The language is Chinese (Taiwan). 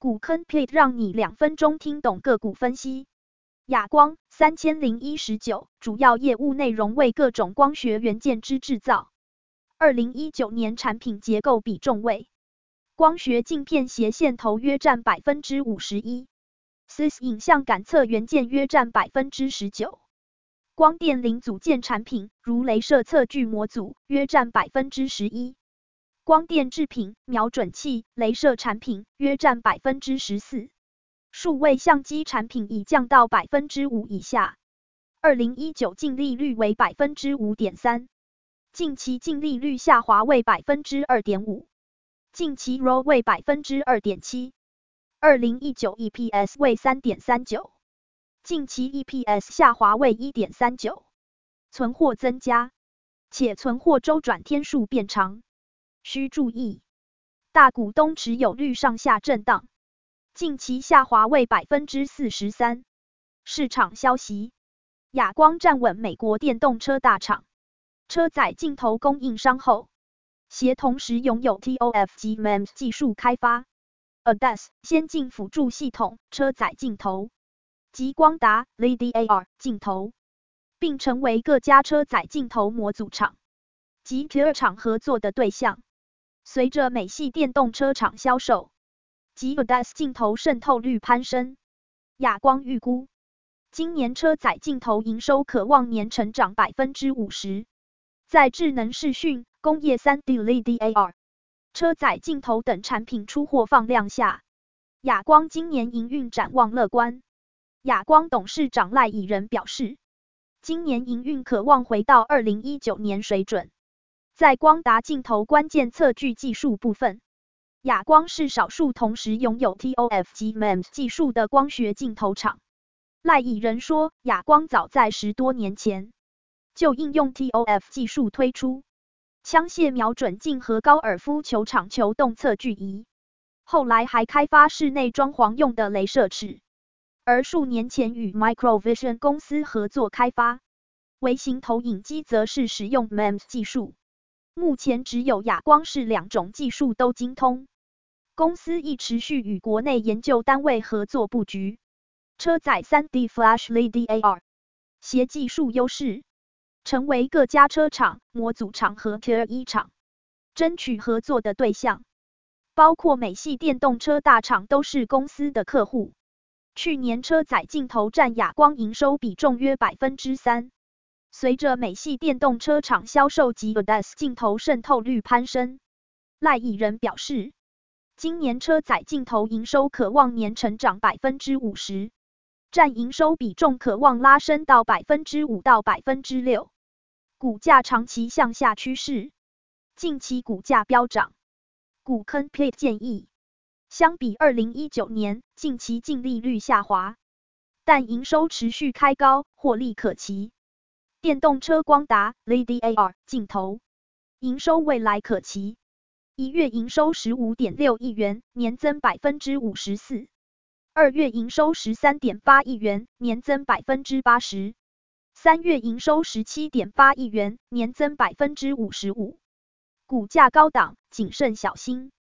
股坑 plate 讓你兩分鐘聽懂個股分析。亞光三千零一十九，主要業務內容為各種光學元件之制造。二零一九年產品結構比重為：光學鏡片斜線頭約占百分之五十一，CIS 影像感測元件約占百分之十九，光電零組件產品如鐳射測距模組約占百分之十一。光電製品、瞄準器、鐳射產品約占百分之十四，數位相機產品已降到百分之五以下。二零一九淨利率為百分之五點三，近期淨利率下滑為百分之二點五，近期 ROE 為百分之二點七。二零一九 EPS 為三點三九，近期 EPS 下滑為一點三九。存貨增加，且存貨週轉天數變長。需注意大股東持有率上下震盪，近期下滑為百分之四十三。市場消息：亞光站穩美國電動車大廠車載鏡頭供應商後，協同時擁有 TOF 及 MEMS 技術開發 ADAS 先進輔助系統車載鏡頭及光達 LiDAR 鏡頭，並成為各家車載鏡頭模組廠及 Tier 廠合作的對象。隨着美系電動車廠銷售及 ADAS 鏡頭滲透率攀升，亞光預估今年車載鏡頭營收可望年成長百分之五十。在智能視訊、工業三 D LiDAR、車載鏡頭等產品出貨放量下，亞光今年營運展望樂觀。亞光董事長賴以仁表示，今年營運可望回到二零一九年水準。在光達鏡頭關鍵測距技術部分，亞光是少數同時擁有 TOF 及 MEMS 技術的光學鏡頭廠。賴以仁說，亞光早在十多年前就應用 TOF 技術推出槍械瞄準鏡和高爾夫球場球洞測距儀，後來還開發室內裝潢用的雷射尺。而數年前與 MicroVision 公司合作開發微型投影機，則是使用 MEMS 技術。目前只有亞光是兩種技術都精通。公司亦持續與國內研究單位合作布局車載 3D Flash LiDAR 攜技術優勢，成為各家車廠、模組廠和 Tier 一廠爭取合作的對象。包括美系電動車大廠都是公司的客戶。去年車載鏡頭佔亞光營收比重約百分之三。隨着美系電動車廠銷售及 ADAS 鏡頭滲透率攀升，賴以仁表示，今年車載鏡頭營收可望年成長百分之五十，占營收比重可望拉升到百分之五到百分之六。股價長期向下趨勢，近期股價飆漲。股坑 Pete 建議，相比二零一九年，近期淨利率下滑，但營收持續開高，獲利可期。電動車光達 LiDAR 鏡頭營收未來可期，一月營收十五點六億元，年增百分之五十四；二月營收十三點八億元，年增百分之八十；三月營收十七點八億元，年增百分之五十五。股價高檔，謹慎小心。